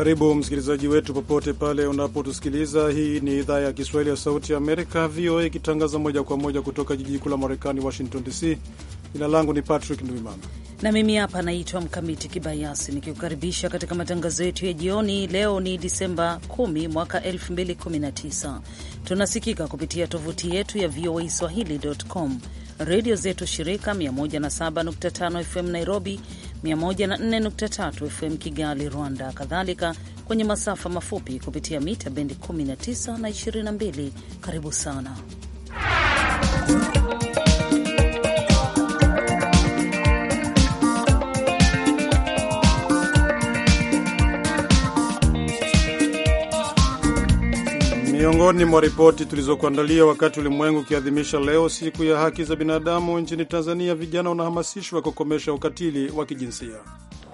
Karibu msikilizaji wetu popote pale unapotusikiliza. Hii ni idhaa ya Kiswahili ya Sauti ya Amerika, VOA, ikitangaza moja kwa moja kutoka jiji kuu la Marekani, Washington DC. Jina langu ni Patrick Ndwimana na mimi hapa naitwa Mkamiti Kibayasi, nikikukaribisha katika matangazo yetu ya jioni. Leo ni Disemba 10 mwaka 2019. Tunasikika kupitia tovuti yetu ya VOA swahili.com, redio zetu shirika 107.5 FM Nairobi, 104.3 FM Kigali, Rwanda, kadhalika kwenye masafa mafupi kupitia mita bendi 19 na 22. Karibu sana Miongoni mwa ripoti tulizokuandalia wakati ulimwengu ukiadhimisha leo siku ya haki za binadamu nchini Tanzania, vijana wanahamasishwa kukomesha ukatili wa kijinsia.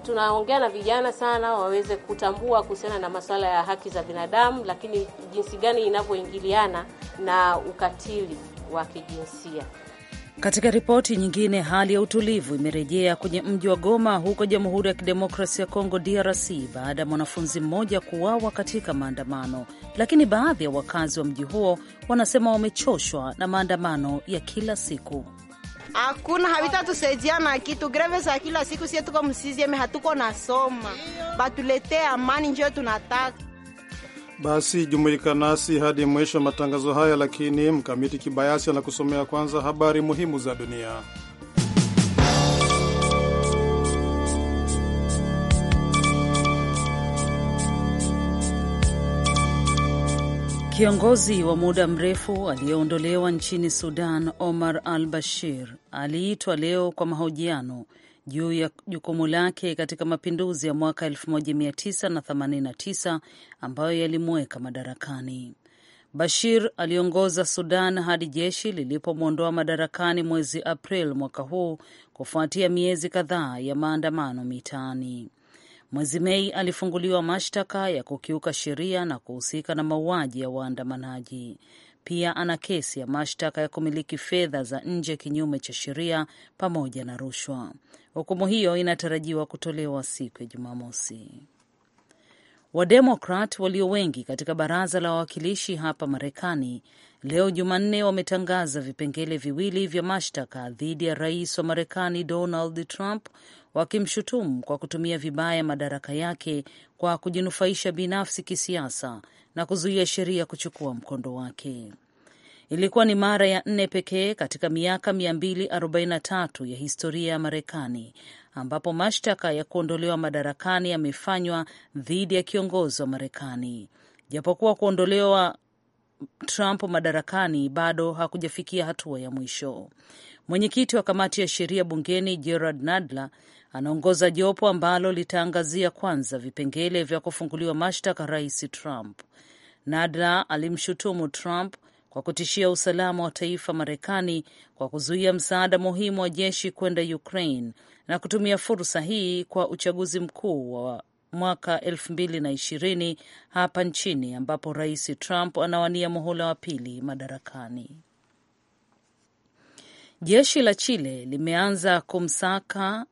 Tunaongea na vijana sana waweze kutambua kuhusiana na masuala ya haki za binadamu, lakini jinsi gani inavyoingiliana na ukatili wa kijinsia. Katika ripoti nyingine, hali ya utulivu imerejea kwenye mji wa Goma huko Jamhuri ya Kidemokrasia ya Kongo, DRC, baada ya mwanafunzi mmoja kuuawa katika maandamano. Lakini baadhi ya wakazi wa mji huo wanasema wamechoshwa na maandamano ya kila siku. Hakuna havitatusaidia na kitu, greve za kila siku. Sie tuko msizieme, hatuko nasoma, batuletee amani, njio tunataka basi jumuika nasi hadi mwisho wa matangazo haya, lakini Mkamiti Kibayasi anakusomea kwanza habari muhimu za dunia. Kiongozi wa muda mrefu aliyeondolewa nchini Sudan, Omar al Bashir, aliitwa leo kwa mahojiano juu ya jukumu lake katika mapinduzi ya mwaka 1989 ambayo yalimweka madarakani. Bashir aliongoza Sudan hadi jeshi lilipomwondoa madarakani mwezi April mwaka huu kufuatia miezi kadhaa ya maandamano mitaani. Mwezi Mei alifunguliwa mashtaka ya kukiuka sheria na kuhusika na mauaji ya waandamanaji. Pia ana kesi ya mashtaka ya kumiliki fedha za nje kinyume cha sheria pamoja na rushwa. Hukumu hiyo inatarajiwa kutolewa siku ya Jumamosi. Wademokrat walio wengi katika baraza la wawakilishi hapa Marekani leo Jumanne wametangaza vipengele viwili vya mashtaka dhidi ya rais wa Marekani Donald Trump wakimshutumu kwa kutumia vibaya madaraka yake kwa kujinufaisha binafsi kisiasa na kuzuia sheria kuchukua mkondo wake. Ilikuwa ni mara ya nne pekee katika miaka 243 ya historia ya Marekani ambapo mashtaka ya kuondolewa madarakani yamefanywa dhidi ya kiongozi wa Marekani, japokuwa kuondolewa Trump madarakani bado hakujafikia hatua ya mwisho. Mwenyekiti wa kamati ya sheria bungeni Gerard Nadler anaongoza jopo ambalo litaangazia kwanza vipengele vya kufunguliwa mashtaka Rais Trump. Nadler alimshutumu Trump kwa kutishia usalama wa taifa Marekani kwa kuzuia msaada muhimu wa jeshi kwenda Ukraine na kutumia fursa hii kwa uchaguzi mkuu wa mwaka 2020 hapa nchini ambapo Rais Trump anawania muhula wa pili madarakani. Jeshi la Chile limeanza kumsaka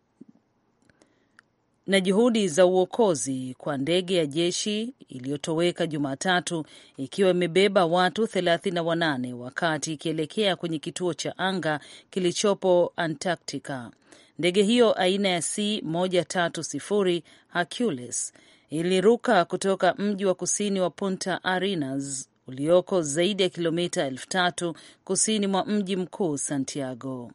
na juhudi za uokozi kwa ndege ya jeshi iliyotoweka Jumatatu ikiwa imebeba watu 38 wakati ikielekea kwenye kituo cha anga kilichopo Antarctica. Ndege hiyo aina ya C130 Hercules iliruka kutoka mji wa kusini wa Punta Arenas ulioko zaidi ya kilomita elfu tatu kusini mwa mji mkuu Santiago.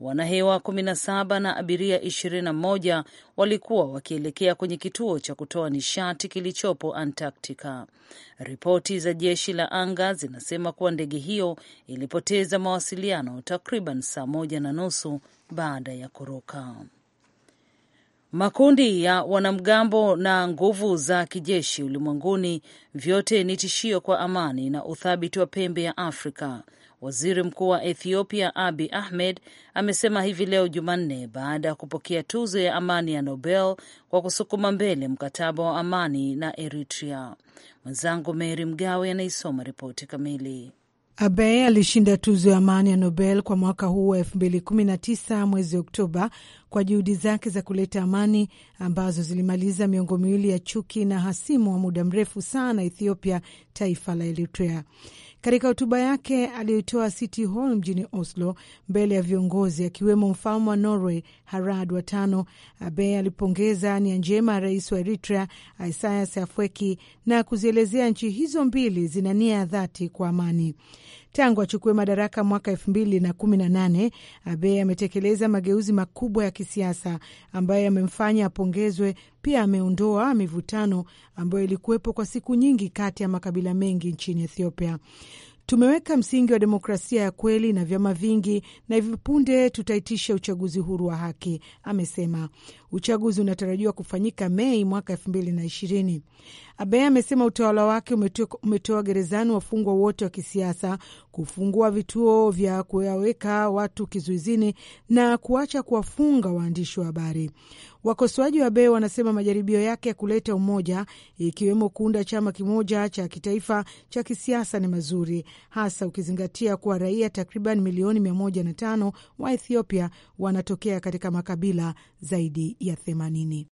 Wanahewa 17 na abiria 21 walikuwa wakielekea kwenye kituo cha kutoa nishati kilichopo Antarctica. Ripoti za jeshi la anga zinasema kuwa ndege hiyo ilipoteza mawasiliano takriban saa moja na nusu baada ya kuruka. Makundi ya wanamgambo na nguvu za kijeshi ulimwenguni vyote ni tishio kwa amani na uthabiti wa pembe ya Afrika, Waziri Mkuu wa Ethiopia Abi Ahmed amesema hivi leo Jumanne baada ya kupokea tuzo ya amani ya Nobel kwa kusukuma mbele mkataba wa amani na Eritrea. Mwenzangu mery Mgawe anaisoma ripoti kamili. Abe alishinda tuzo ya amani ya Nobel kwa mwaka huu wa 2019 mwezi Oktoba kwa juhudi zake za kuleta amani ambazo zilimaliza miongo miwili ya chuki na hasimu wa muda mrefu sana Ethiopia, taifa la Eritrea. Katika hotuba yake aliyoitoa City Hall mjini Oslo mbele ya viongozi akiwemo mfalme wa Norway Harald wa tano, Abe alipongeza nia njema ya rais wa Eritrea Isaias Afwerki na kuzielezea nchi hizo mbili zina nia ya dhati kwa amani. Tangu achukue madaraka mwaka elfu mbili na kumi na nane, Abe ametekeleza mageuzi makubwa ya kisiasa ambayo yamemfanya apongezwe. Pia ameondoa mivutano ambayo ilikuwepo kwa siku nyingi kati ya makabila mengi nchini Ethiopia. Tumeweka msingi wa demokrasia ya kweli na vyama vingi, na hivi punde tutaitisha uchaguzi huru wa haki, amesema. Uchaguzi unatarajiwa kufanyika Mei mwaka elfu mbili na ishirini. Abe amesema utawala wake umetoa gerezani wafungwa wote wa kisiasa, kufungua vituo vya kuwaweka watu kizuizini na kuacha kuwafunga waandishi wa habari. Wakosoaji wa Beo wanasema majaribio yake ya kuleta umoja, ikiwemo kuunda chama kimoja cha kitaifa cha kisiasa ni mazuri, hasa ukizingatia kuwa raia takriban milioni 105 wa Ethiopia wanatokea katika makabila zaidi ya themanini.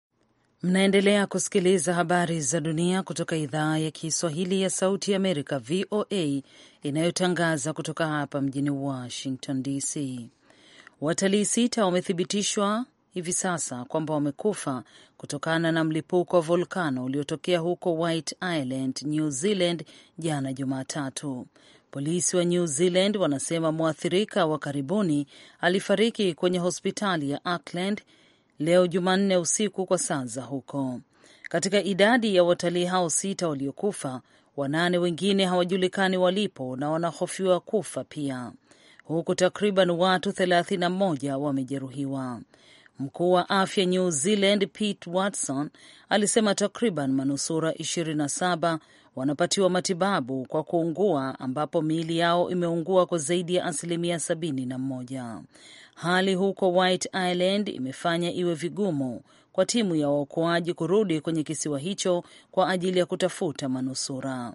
Mnaendelea kusikiliza habari za dunia kutoka idhaa ya Kiswahili ya Sauti ya Amerika, VOA, inayotangaza kutoka hapa mjini Washington DC. Watalii sita wamethibitishwa hivi sasa kwamba wamekufa kutokana na mlipuko wa volkano uliotokea huko White Island, New Zealand jana Jumatatu. Polisi wa New Zealand wanasema mwathirika wa karibuni alifariki kwenye hospitali ya Auckland leo Jumanne usiku kwa saa za huko. Katika idadi ya watalii hao sita waliokufa, wanane wengine hawajulikani walipo na wanahofiwa kufa pia, huku takriban watu 31 wamejeruhiwa. Mkuu wa afya New Zealand Pete Watson alisema takriban manusura 27 wanapatiwa matibabu kwa kuungua ambapo miili yao imeungua kwa zaidi ya asilimia sabini na moja. Hali huko White Island imefanya iwe vigumu kwa timu ya waokoaji kurudi kwenye kisiwa hicho kwa ajili ya kutafuta manusura.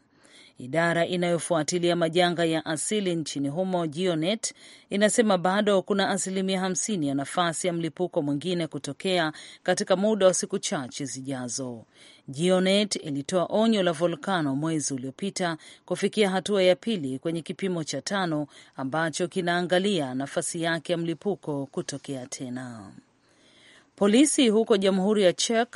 Idara inayofuatilia majanga ya asili nchini humo GeoNet inasema bado kuna asilimia hamsini ya nafasi ya mlipuko mwingine kutokea katika muda wa siku chache zijazo. GeoNet ilitoa onyo la volkano mwezi uliopita kufikia hatua ya pili kwenye kipimo cha tano ambacho kinaangalia nafasi yake ya mlipuko kutokea tena. Polisi huko Jamhuri ya Czech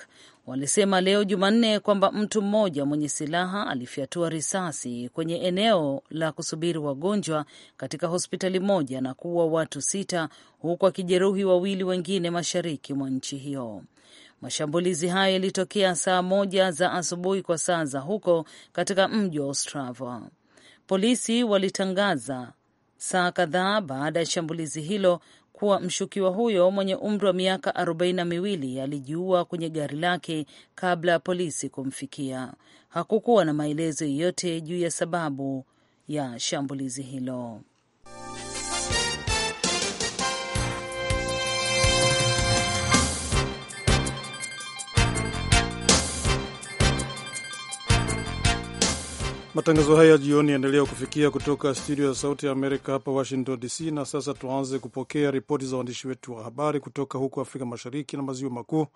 walisema leo Jumanne kwamba mtu mmoja mwenye silaha alifyatua risasi kwenye eneo la kusubiri wagonjwa katika hospitali moja na kuua watu sita huku akijeruhi wawili wengine mashariki mwa nchi hiyo. Mashambulizi hayo yalitokea saa moja za asubuhi kwa saa za huko katika mji wa Ostrava. Polisi walitangaza saa kadhaa baada ya shambulizi hilo kuwa mshukiwa huyo mwenye umri wa miaka arobaini na miwili alijiua kwenye gari lake kabla ya polisi kumfikia. Hakukuwa na maelezo yoyote juu ya sababu ya shambulizi hilo. Matangazo haya jioni yaendelea kufikia kutoka studio ya Sauti ya Amerika hapa Washington DC. Na sasa tuanze kupokea ripoti za waandishi wetu wa habari kutoka huko Afrika Mashariki na Maziwa Makuu,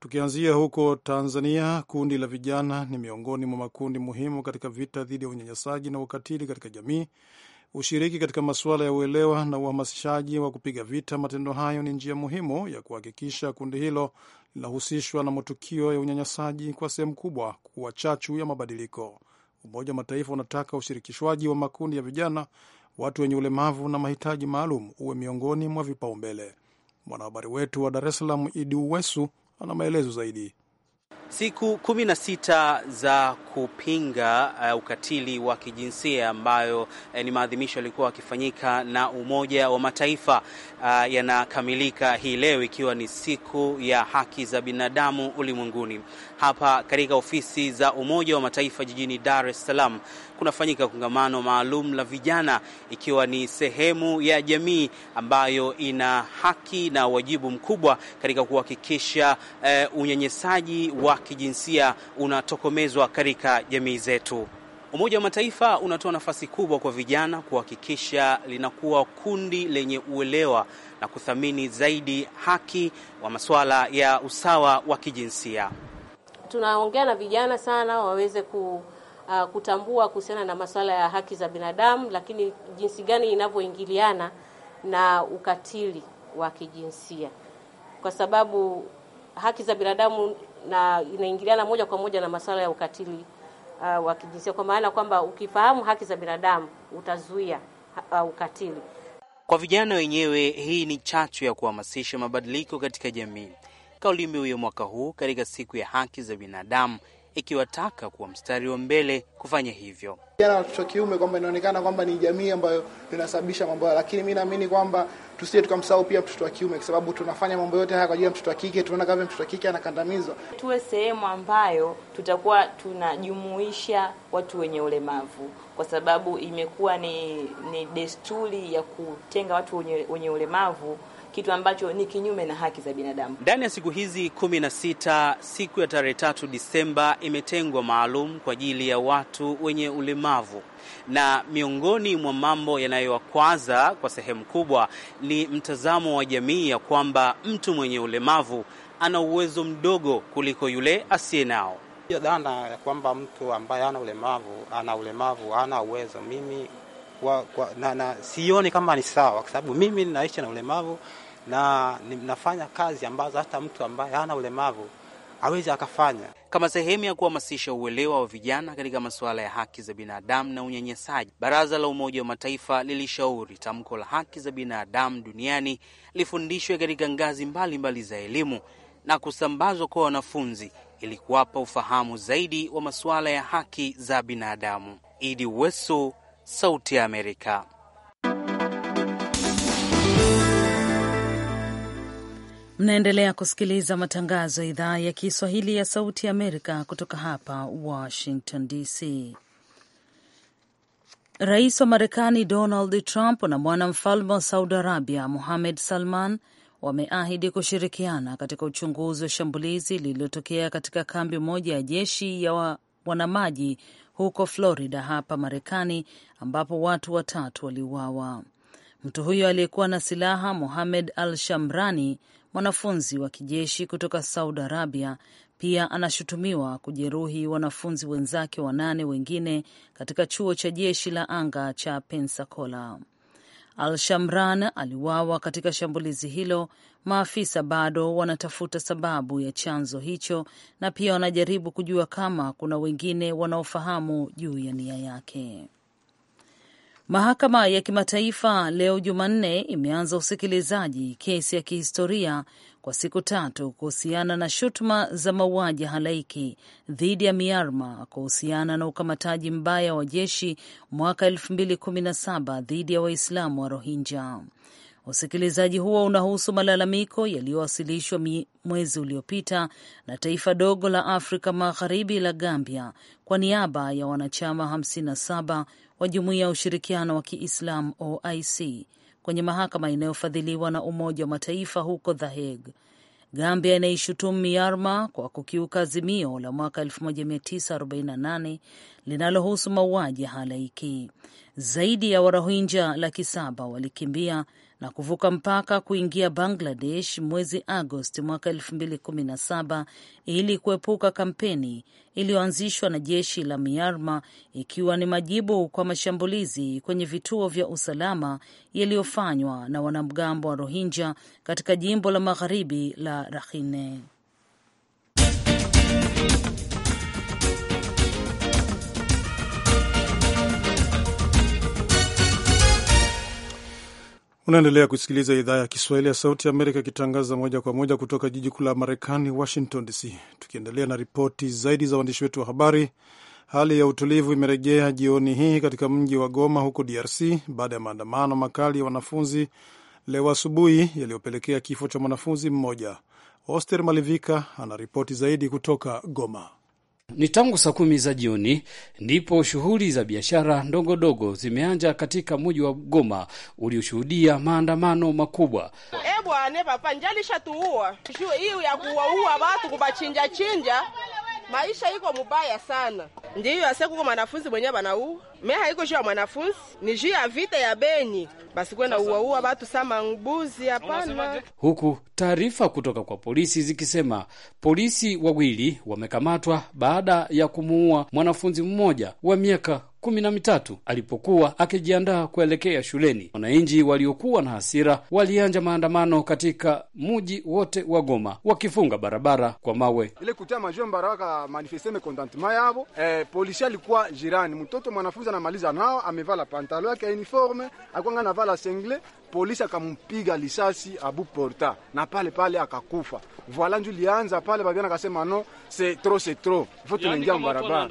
tukianzia huko Tanzania. Kundi la vijana ni miongoni mwa makundi muhimu katika vita dhidi ya unyanyasaji na ukatili katika jamii. Ushiriki katika masuala ya uelewa na uhamasishaji wa kupiga vita matendo hayo ni njia muhimu ya kuhakikisha kundi hilo linahusishwa na matukio ya unyanyasaji kwa sehemu kubwa kuwa chachu ya mabadiliko. Umoja wa Mataifa unataka ushirikishwaji wa makundi ya vijana, watu wenye ulemavu na mahitaji maalum uwe miongoni mwa vipaumbele. Mwanahabari wetu wa Dar es Salaam Idi Uwesu ana maelezo zaidi. Siku kumi na sita za kupinga uh, ukatili wa kijinsia ambayo uh, ni maadhimisho yalikuwa wakifanyika na Umoja wa Mataifa uh, yanakamilika hii leo ikiwa ni siku ya haki za binadamu ulimwenguni. Hapa katika ofisi za Umoja wa Mataifa jijini Dar es Salaam kunafanyika kongamano maalum la vijana, ikiwa ni sehemu ya jamii ambayo ina haki na wajibu mkubwa katika kuhakikisha eh, unyanyasaji wa kijinsia unatokomezwa katika jamii zetu. Umoja wa Mataifa unatoa nafasi kubwa kwa vijana kuhakikisha linakuwa kundi lenye uelewa na kuthamini zaidi haki wa masuala ya usawa wa kijinsia. Tunaongea na vijana sana waweze ku uh, kutambua kuhusiana na masuala ya haki za binadamu, lakini jinsi gani inavyoingiliana na ukatili wa kijinsia, kwa sababu haki za binadamu na inaingiliana moja kwa moja na masuala ya ukatili uh, wa kijinsia, kwa maana kwamba ukifahamu haki za binadamu utazuia uh, ukatili. Kwa vijana wenyewe, hii ni chachu ya kuhamasisha mabadiliko katika jamii. Kauli mbiu ya mwaka huu katika siku ya haki za binadamu ikiwataka kuwa mstari wa mbele kufanya hivyo. Vijana watoto wa kiume kwamba inaonekana kwamba ni jamii ambayo inasababisha mambo hayo, lakini mi naamini kwamba tusije tukamsahau pia mtoto wa kiume, kwa sababu tunafanya mambo yote haya kwa ajili ya mtoto wa kike. Tunaona kama mtoto wa kike anakandamizwa. Tuwe sehemu ambayo tutakuwa tunajumuisha watu wenye ulemavu, kwa sababu imekuwa ni, ni desturi ya kutenga watu wenye, wenye ulemavu kitu ambacho ni kinyume na haki za binadamu. Ndani ya siku hizi kumi na sita, siku ya tarehe tatu Disemba imetengwa maalum kwa ajili ya watu wenye ulemavu na miongoni mwa mambo yanayowakwaza kwa sehemu kubwa ni mtazamo wa jamii ya kwamba mtu mwenye ulemavu ana uwezo mdogo kuliko yule asiye nao. Hiyo dhana ya kwamba mtu ambaye ana ulemavu ana ulemavu ana uwezo, mimi kwa, kwa, na, na sioni kama ni sawa, kwa sababu mimi ninaishi na ulemavu na nafanya kazi ambazo hata mtu ambaye hana ulemavu awezi akafanya. Kama sehemu ya kuhamasisha uelewa wa vijana katika masuala ya haki za binadamu na unyanyasaji, Baraza la Umoja wa Mataifa lilishauri tamko la haki za binadamu duniani lifundishwe katika ngazi mbalimbali mbali za elimu na kusambazwa kwa wanafunzi ili kuwapa ufahamu zaidi wa masuala ya haki za binadamu. Idi Wesu, Sauti ya Amerika. Mnaendelea kusikiliza matangazo ya idhaa ya Kiswahili ya Sauti ya Amerika kutoka hapa Washington DC. Rais wa Marekani Donald Trump na mwanamfalme wa Saudi Arabia muhamed Salman wameahidi kushirikiana katika uchunguzi wa shambulizi lililotokea katika kambi moja ya jeshi ya wa maji huko Florida hapa Marekani, ambapo watu watatu waliuawa. Mtu huyo aliyekuwa na silaha Mohamed Al Shamrani, mwanafunzi wa kijeshi kutoka Saudi Arabia, pia anashutumiwa kujeruhi wanafunzi wenzake wanane wengine katika chuo cha jeshi la anga cha Pensacola. Al Shamran aliuawa katika shambulizi hilo Maafisa bado wanatafuta sababu ya chanzo hicho na pia wanajaribu kujua kama kuna wengine wanaofahamu juu ya nia yake. Mahakama ya Kimataifa leo Jumanne imeanza usikilizaji kesi ya kihistoria kwa siku tatu kuhusiana na shutuma za mauaji halaiki dhidi ya Myanmar kuhusiana na ukamataji mbaya wa jeshi mwaka 2017 dhidi ya Waislamu wa Rohingya. Usikilizaji huo unahusu malalamiko yaliyowasilishwa mwezi uliopita na taifa dogo la Afrika Magharibi la Gambia kwa niaba ya wanachama 57 wa Jumuiya ya Ushirikiano wa Kiislamu OIC kwenye mahakama inayofadhiliwa na Umoja wa Mataifa huko The Hague. Gambia inaishutumu Myanmar kwa kukiuka azimio la mwaka 1948 linalohusu mauaji ya halaiki. Zaidi ya Warohinja laki saba walikimbia na kuvuka mpaka kuingia Bangladesh mwezi Agosti mwaka 2017 ili kuepuka kampeni iliyoanzishwa na jeshi la Myanmar ikiwa ni majibu kwa mashambulizi kwenye vituo vya usalama yaliyofanywa na wanamgambo wa Rohingya katika jimbo la magharibi la Rakhine. Unaendelea kusikiliza idhaa ya Kiswahili ya Sauti ya Amerika ikitangaza moja kwa moja kutoka jiji kuu la Marekani, Washington DC. Tukiendelea na ripoti zaidi za waandishi wetu wa habari, hali ya utulivu imerejea jioni hii katika mji wa Goma huko DRC baada ya maandamano makali ya wanafunzi leo asubuhi yaliyopelekea kifo cha mwanafunzi mmoja. Oster Malivika ana ripoti zaidi kutoka Goma. Ni tangu saa kumi za jioni ndipo shughuli za biashara ndogondogo zimeanja zimeanza katika mji wa Goma ulioshuhudia maandamano makubwa. E bwana papa njalisha tuua hiyo ya kuwaua watu kubachinja chinja, maisha iko mubaya sana. Ndiyo asekuko mwanafunzi mwenyewe banaua me haiko juu ya mwanafunzi, ni juu ya vita ya Beni, basi kwenda uwaua watu sama mbuzi, hapana. Huku taarifa kutoka kwa polisi zikisema polisi wawili wamekamatwa baada ya kumuua mwanafunzi mmoja wa miaka kumi na mitatu alipokuwa akijiandaa kuelekea shuleni. Wananchi waliokuwa na hasira walianja maandamano katika muji wote wa Goma, wakifunga barabara kwa mawe ile kutia majomba baraka manifeste mekontantima yavo. Eh, polisi alikuwa jirani mtoto mwanafunzi mchezo anamaliza nao, amevaa la pantalo yake ya uniforme, akwanga anavaa la sengle, polisi akampiga lisasi abu porta na pale pale akakufa. Voila, ndio lianza pale, babiana akasema no, c'est trop c'est trop, faut yaani tunaingia mbarabara,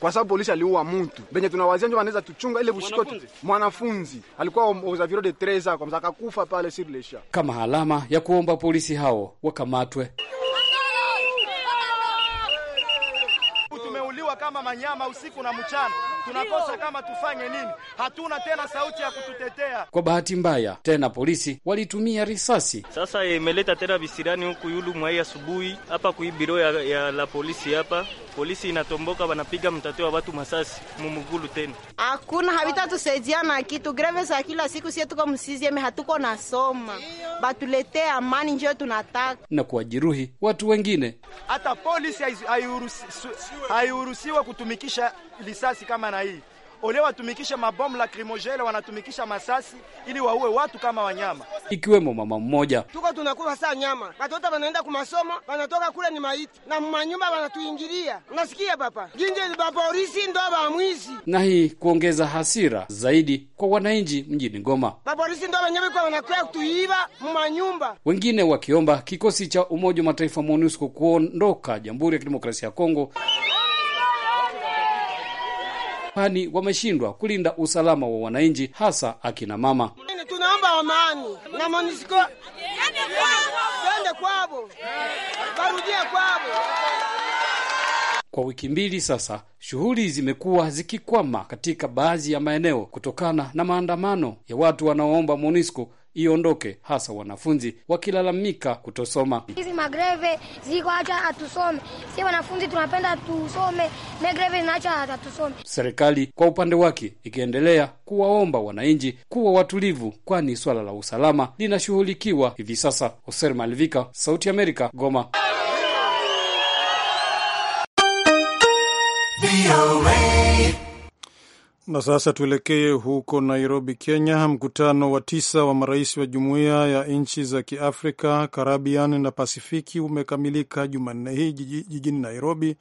kwa sababu polisi aliua mtu benye tunawazia, ndio anaweza tuchunga ile bushiko. Mwanafunzi alikuwa aux environs de 13 ans, kama akakufa pale sur les champs, kama alama ya kuomba polisi hao wakamatwe. Tumeuliwa kama manyama usiku na mchana tunakosa kama tufanye nini? Hatuna tena sauti ya kututetea. Kwa bahati mbaya tena polisi walitumia risasi. Sasa imeleta tena visirani huku yulu mwai asubuhi hapa biro ya, ya la polisi hapa polisi inatomboka wanapiga mtateo wa watu masasi mumugulu tena hakuna tusaidia na kitu. Greve za kila siku sie tuko msizieme hatuko nasoma, batuletee amani njio tunataka, na kuwajeruhi watu wengine. Hata polisi hairuhusiwa kutumikisha lisasi kama namna hii ole watumikishe mabomu lakrimojele, wanatumikisha masasi ili waue watu kama wanyama, ikiwemo mama mmoja. Tuko tunakula saa nyama, watoto wanaenda kumasomo, wanatoka kule ni maiti na manyumba wanatuingilia. Unasikia papa ginje baporisi ndo bamwizi, na hii kuongeza hasira zaidi kwa wananchi mjini Goma. Baporisi ndo wenyewe kwa wanakuwa kutuiba manyumba, wengine wakiomba kikosi cha Umoja wa Mataifa MONUSCO kuondoka Jamhuri ya Kidemokrasia ya Kongo kwani wameshindwa kulinda usalama wa wananchi, hasa akina mama. Tunaomba na MONUSCO kwavo, kwavo. Kwa wiki mbili sasa shughuli zimekuwa zikikwama katika baadhi ya maeneo kutokana na maandamano ya watu wanaoomba MONUSCO iondoke, hasa wanafunzi wakilalamika kutosoma. Hizi magreve ziko hacha hatusome, si wanafunzi tunapenda tusome, magreve zinaacha hatusome. Serikali kwa upande wake ikiendelea kuwaomba wananchi kuwa watulivu, kwani swala la usalama linashughulikiwa hivi sasa. Hoser Malivika, Sauti ya Amerika, Goma. Na sasa tuelekee huko Nairobi, Kenya. Mkutano wa tisa wa marais wa jumuiya ya nchi za Kiafrika, Karabian na Pasifiki umekamilika Jumanne hii jijini Nairobi,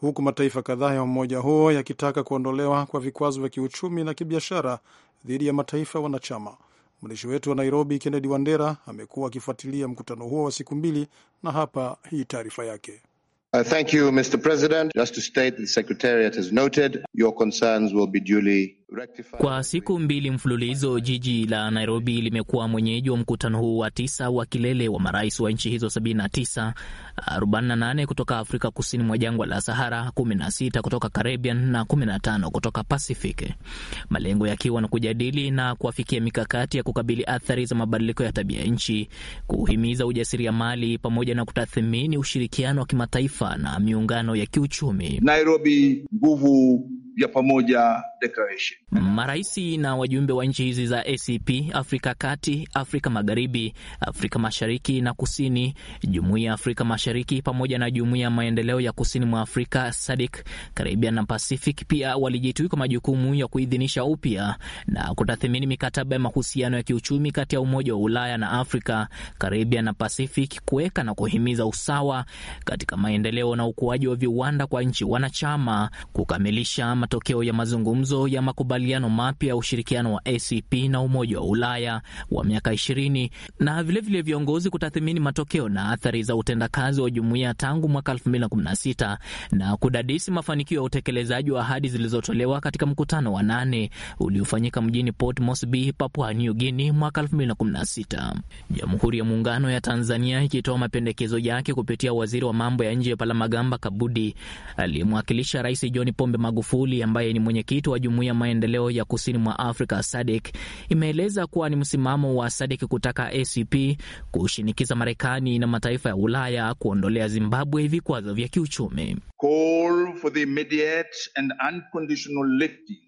huku mataifa kadhaa ya umoja huo yakitaka kuondolewa kwa vikwazo vya kiuchumi na kibiashara dhidi ya mataifa wanachama. Mwandishi wetu wa Nairobi, Kennedy Wandera, amekuwa akifuatilia mkutano huo wa siku mbili, na hapa hii taarifa yake. Uh, thank you, Mr. President. Just to state that the Secretariat has noted your concerns will be duly Kwa siku mbili mfululizo, jiji la Nairobi limekuwa mwenyeji wa mkutano huu wa tisa wa kilele wa marais wa nchi hizo 79, 48 kutoka Afrika kusini mwa jangwa la Sahara, 16 kutoka Caribbean na 15 kutoka Pacific, malengo yakiwa na kujadili na kuafikia mikakati ya kukabili athari za mabadiliko ya tabia nchi, kuhimiza ujasiriamali, pamoja na kutathmini ushirikiano wa kimataifa na miungano ya kiuchumi. Nairobi, nguvu ya pamoja declaration. Maraisi na wajumbe wa nchi hizi za ACP, Afrika Kati, Afrika Magharibi, Afrika Mashariki na Kusini, Jumuiya ya Afrika Mashariki pamoja na Jumuiya ya Maendeleo ya Kusini mwa Afrika SADC, Caribbean na Pacific pia walijitwika majukumu ya kuidhinisha upya na kutathimini mikataba ya mahusiano ya kiuchumi kati ya Umoja wa Ulaya na Afrika, Caribbean na Pacific, kuweka na kuhimiza usawa katika maendeleo na ukuaji wa viwanda kwa nchi wanachama kukamilisha matokeo ya mazungumzo ya makubaliano mapya ya ushirikiano wa ACP na Umoja wa Ulaya wa miaka 20 na vilevile viongozi kutathimini matokeo na athari za utendakazi wa jumuiya tangu mwaka 2016 na kudadisi mafanikio ya utekelezaji wa ahadi zilizotolewa katika mkutano wa nane uliofanyika mjini Port Moresby, Papua New Guinea mwaka 2016. Jamhuri ya Muungano ya Tanzania ikitoa mapendekezo yake kupitia waziri wa mambo ya nje Palamagamba Kabudi aliyemwakilisha Rais John Pombe Magufuli Swahili ambaye ni mwenyekiti wa jumuiya ya maendeleo ya kusini mwa Afrika SADC imeeleza kuwa ni msimamo wa SADC kutaka ACP kushinikiza Marekani na mataifa ya Ulaya kuondolea Zimbabwe vikwazo vya kiuchumi. Call for the immediate and unconditional lifting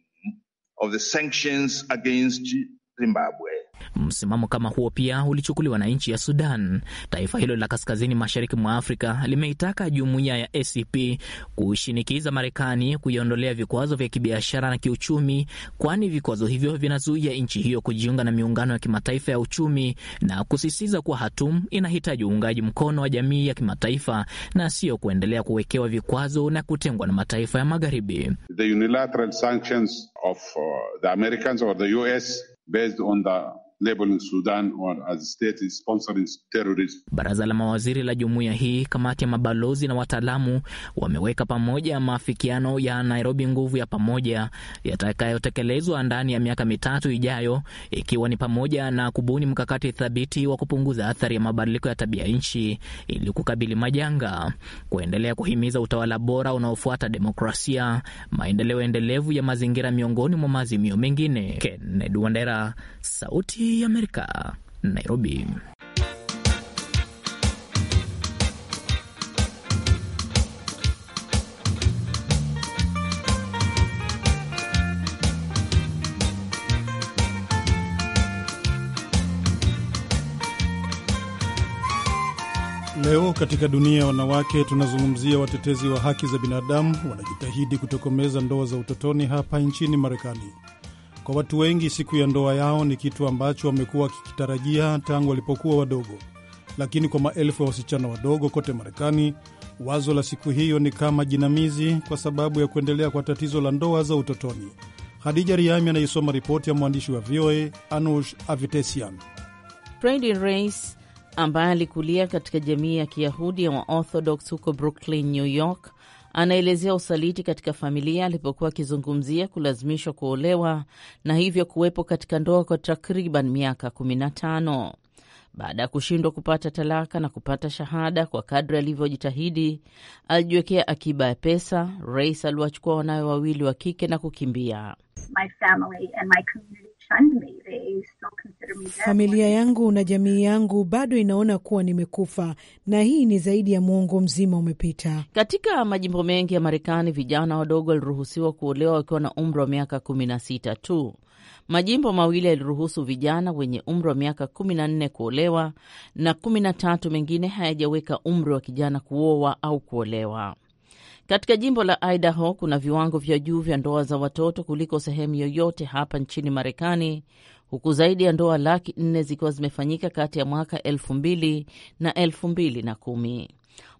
of the sanctions against Zimbabwe. Msimamo kama huo pia ulichukuliwa na nchi ya Sudan. Taifa hilo la kaskazini mashariki mwa Afrika limeitaka jumuiya ya ACP kushinikiza Marekani kuiondolea vikwazo vya kibiashara na kiuchumi, kwani vikwazo hivyo vinazuia nchi hiyo kujiunga na miungano ya kimataifa ya uchumi na kusisitiza kuwa hatum inahitaji uungaji mkono wa jamii ya kimataifa na sio kuendelea kuwekewa vikwazo na kutengwa na mataifa ya magharibi. The unilateral sanctions of uh, the Americans or the US based on the Lebanon, Sudan or as state is sponsoring terrorism. Baraza la mawaziri la jumuiya hii, kamati ya mabalozi na wataalamu wameweka pamoja maafikiano ya Nairobi nguvu ya pamoja yatakayotekelezwa ndani ya miaka mitatu ijayo, ikiwa ni pamoja na kubuni mkakati thabiti wa kupunguza athari ya mabadiliko ya tabia nchi ili kukabili majanga, kuendelea kuhimiza utawala bora unaofuata demokrasia, maendeleo endelevu ya mazingira, miongoni mwa maazimio mengine. Kennedy Wandera, Sauti Sauti ya Amerika, Nairobi. Leo katika dunia ya wanawake tunazungumzia watetezi wa haki za binadamu wanajitahidi kutokomeza ndoa za utotoni hapa nchini Marekani. Kwa watu wengi, siku ya ndoa yao ni kitu ambacho wamekuwa wakikitarajia tangu walipokuwa wadogo, lakini kwa maelfu ya wasichana wadogo kote Marekani, wazo la siku hiyo ni kama jinamizi kwa sababu ya kuendelea kwa tatizo la ndoa za utotoni. Hadija Riami anaisoma ripoti ya mwandishi wa VOA Anush Avitesian. Fredi Reis ambaye alikulia katika jamii ya Kiyahudi ya Waorthodox huko Brooklyn, New York, anaelezea usaliti katika familia alipokuwa akizungumzia kulazimishwa kuolewa na hivyo kuwepo katika ndoa kwa takriban miaka 15. Baada ya kushindwa kupata talaka na kupata shahada, kwa kadri alivyojitahidi, alijiwekea akiba ya pesa. Rais aliwachukua wanawe wawili wa kike na kukimbia. My Familia yangu na jamii yangu bado inaona kuwa nimekufa, na hii ni zaidi ya muongo mzima umepita. Katika majimbo mengi ya Marekani, vijana wadogo waliruhusiwa kuolewa wakiwa na umri wa miaka kumi na sita tu. Majimbo mawili yaliruhusu vijana wenye umri wa miaka kumi na nne kuolewa na kumi na tatu mengine hayajaweka umri wa kijana kuoa au kuolewa. Katika jimbo la Idaho kuna viwango vya juu vya ndoa za watoto kuliko sehemu yoyote hapa nchini Marekani, huku zaidi ya ndoa laki nne zikiwa zimefanyika kati ya mwaka elfu mbili na elfu mbili na kumi.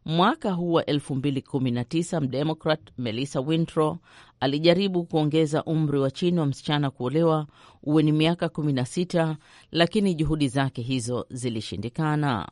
Mwaka huu wa 2019 Mdemokrat Melissa Wintrow alijaribu kuongeza umri wa chini wa msichana kuolewa uwe ni miaka 16, lakini juhudi zake hizo zilishindikana.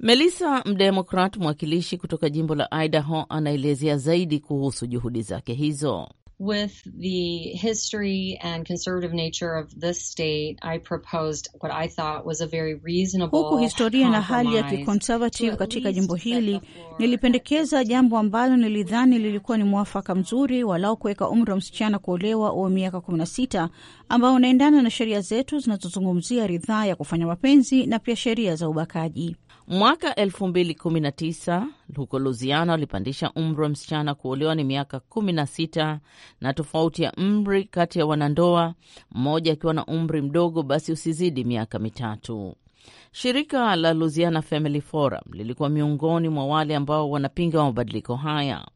Melissa Mdemokrat, mwakilishi kutoka jimbo la Idaho, anaelezea zaidi kuhusu juhudi zake hizo. With the history and conservative nature of this state, I proposed what I thought was a very reasonable. Huku historia na hali ya kikonservative katika jimbo hili, nilipendekeza jambo ambalo nilidhani lilikuwa ni mwafaka mzuri, walau kuweka umri wa msichana kuolewa wa miaka 16 ambao unaendana na sheria zetu zinazozungumzia ridhaa ya kufanya mapenzi na pia sheria za ubakaji. Mwaka 2019 huko Louisiana walipandisha umri wa msichana kuolewa ni miaka 16, na tofauti ya umri kati ya wanandoa, mmoja akiwa na umri mdogo, basi usizidi miaka mitatu. Shirika la Louisiana Family Forum lilikuwa miongoni mwa wale ambao wanapinga mabadiliko haya.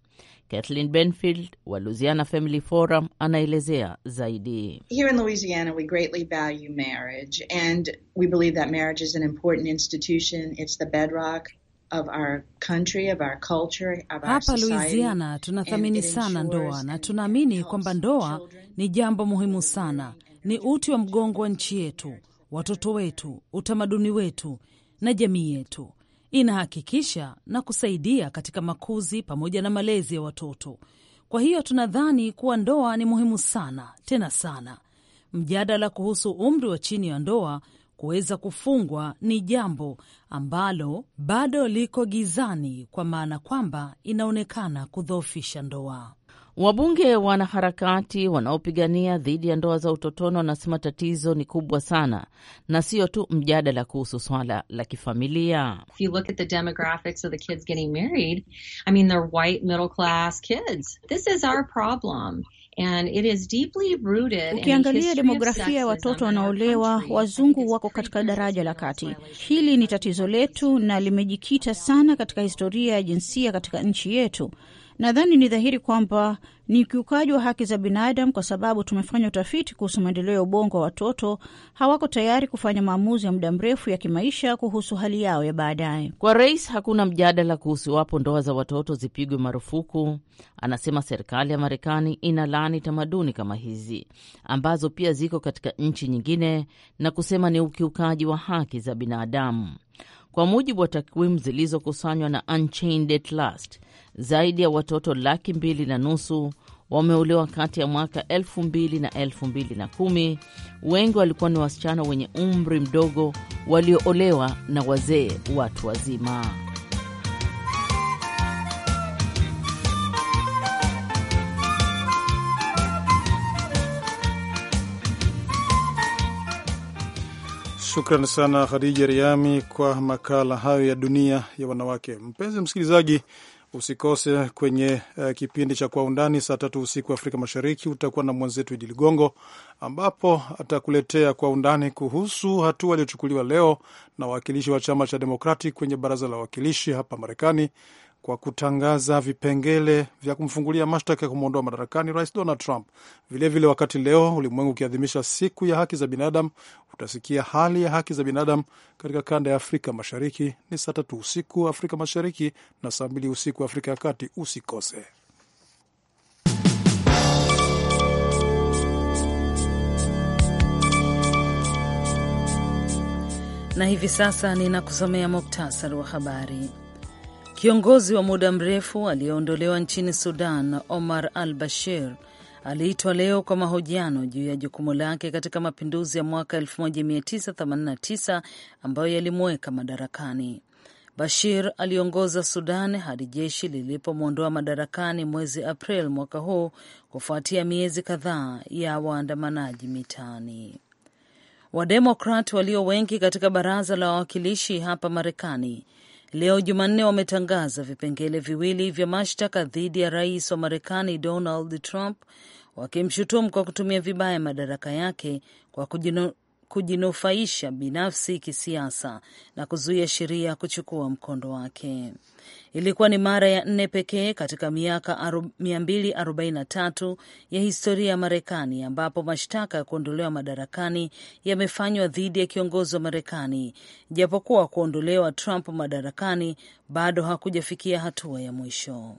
Kathleen Benfield wa Louisiana Family Forum anaelezea zaidi. Here in Louisiana we greatly value marriage and we believe that marriage is an important institution. It's the bedrock Of our country, of our culture, of our hapa Louisiana tunathamini sana ndoa na tunaamini kwamba ndoa ni jambo muhimu sana, ni uti wa mgongo wa nchi yetu, watoto wetu, utamaduni wetu na jamii yetu inahakikisha na kusaidia katika makuzi pamoja na malezi ya watoto. Kwa hiyo tunadhani kuwa ndoa ni muhimu sana, tena sana. Mjadala kuhusu umri wa chini ya ndoa kuweza kufungwa ni jambo ambalo bado liko gizani, kwa maana kwamba inaonekana kudhoofisha ndoa. Wabunge wanaharakati wanaopigania dhidi ya ndoa za utotoni wanasema tatizo ni kubwa sana na sio tu mjadala kuhusu swala la kifamilia. Ukiangalia demografia ya watoto wanaolewa, wazungu wako katika daraja la kati. Hili ni tatizo letu na limejikita sana katika historia ya jinsia katika nchi yetu. Nadhani ni dhahiri kwamba ni ukiukaji wa haki za binadamu, kwa sababu tumefanya utafiti kuhusu maendeleo ya ubongo wa watoto. Hawako tayari kufanya maamuzi ya muda mrefu ya kimaisha kuhusu hali yao ya baadaye. Kwa rais, hakuna mjadala kuhusu iwapo ndoa za watoto zipigwe marufuku. Anasema serikali ya Marekani inalaani tamaduni kama hizi ambazo pia ziko katika nchi nyingine, na kusema ni ukiukaji wa haki za binadamu. Kwa mujibu wa takwimu zilizokusanywa na Unchained at Last, zaidi ya watoto laki mbili na nusu wameuliwa kati ya mwaka elfu mbili na elfu mbili na kumi. Wengi walikuwa ni wasichana wenye umri mdogo walioolewa na wazee watu wazima. Shukran sana Khadija Riami kwa makala hayo ya dunia ya wanawake. Mpenzi msikilizaji Usikose kwenye uh, kipindi cha Kwa Undani saa tatu usiku Afrika Mashariki. Utakuwa na mwenzetu Idi Ligongo ambapo atakuletea kwa undani kuhusu hatua iliyochukuliwa leo na wawakilishi wa chama cha Demokrati kwenye baraza la wawakilishi hapa Marekani kwa kutangaza vipengele vya kumfungulia mashtaka ya kumwondoa madarakani rais Donald Trump. Vilevile vile wakati leo ulimwengu ukiadhimisha siku ya haki za binadamu, utasikia hali ya haki za binadamu katika kanda ya Afrika Mashariki. Ni saa tatu usiku Afrika Mashariki na saa mbili usiku Afrika ya Kati. Usikose. Na hivi sasa ninakusomea muktasari wa habari. Kiongozi wa muda mrefu aliyeondolewa nchini Sudan, Omar al Bashir, aliitwa leo kwa mahojiano juu ya jukumu lake katika mapinduzi ya mwaka 1989 ambayo yalimuweka madarakani. Bashir aliongoza Sudan hadi jeshi lilipomwondoa madarakani mwezi April mwaka huu kufuatia miezi kadhaa ya waandamanaji mitaani. Wademokrat walio wengi katika baraza la wawakilishi hapa Marekani leo Jumanne wametangaza vipengele viwili vya mashtaka dhidi ya rais wa Marekani Donald Trump wakimshutumu kwa kutumia vibaya madaraka yake kwa kujinufaisha binafsi kisiasa na kuzuia sheria kuchukua mkondo wake. Ilikuwa ni mara ya nne pekee katika miaka 243 ya historia ya Marekani ambapo mashtaka ya kuondolewa madarakani yamefanywa dhidi ya kiongozi wa Marekani, japokuwa kuondolewa Trump madarakani bado hakujafikia hatua ya mwisho.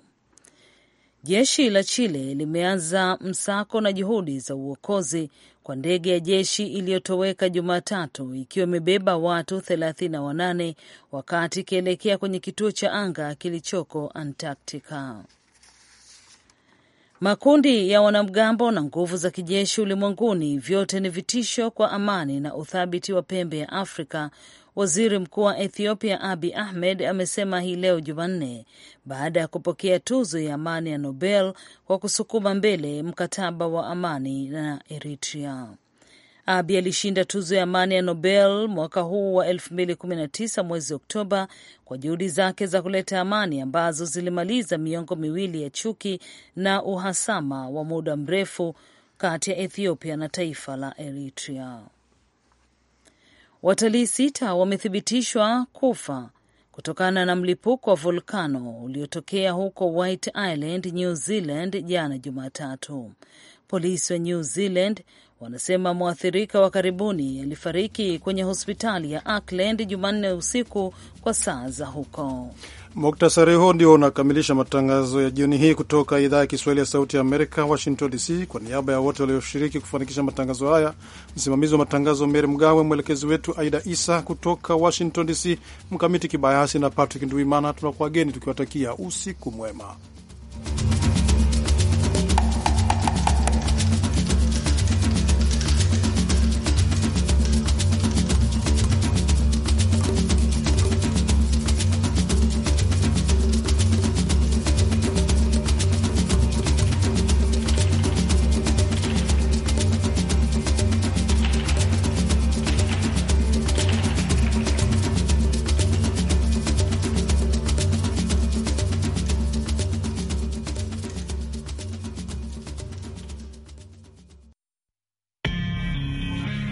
Jeshi la Chile limeanza msako na juhudi za uokozi kwa ndege ya jeshi iliyotoweka Jumatatu ikiwa imebeba watu 38 wakati ikielekea kwenye kituo cha anga kilichoko Antarctica. Makundi ya wanamgambo na nguvu za kijeshi ulimwenguni vyote ni vitisho kwa amani na uthabiti wa pembe ya Afrika Waziri Mkuu wa Ethiopia Abi Ahmed amesema hii leo Jumanne baada ya kupokea tuzo ya amani ya Nobel kwa kusukuma mbele mkataba wa amani na Eritrea. Abi alishinda tuzo ya amani ya Nobel mwaka huu wa 2019 mwezi Oktoba kwa juhudi zake za kuleta amani ambazo zilimaliza miongo miwili ya chuki na uhasama wa muda mrefu kati ya Ethiopia na taifa la Eritrea. Watalii sita wamethibitishwa kufa kutokana na mlipuko wa volkano uliotokea huko White Island, New Zealand jana Jumatatu. Polisi wa New Zealand wanasema mwathirika wa karibuni alifariki kwenye hospitali ya Auckland Jumanne usiku kwa saa za huko. Muktasari huo ndio unakamilisha matangazo ya jioni hii kutoka idhaa ya Kiswahili ya Sauti ya Amerika, Washington DC. Kwa niaba ya wote walioshiriki kufanikisha matangazo haya, msimamizi wa matangazo Meri Mgawe, mwelekezi wetu Aida Isa kutoka Washington DC, Mkamiti Kibayasi na Patrick Nduimana, tunakuwageni tukiwatakia usiku mwema.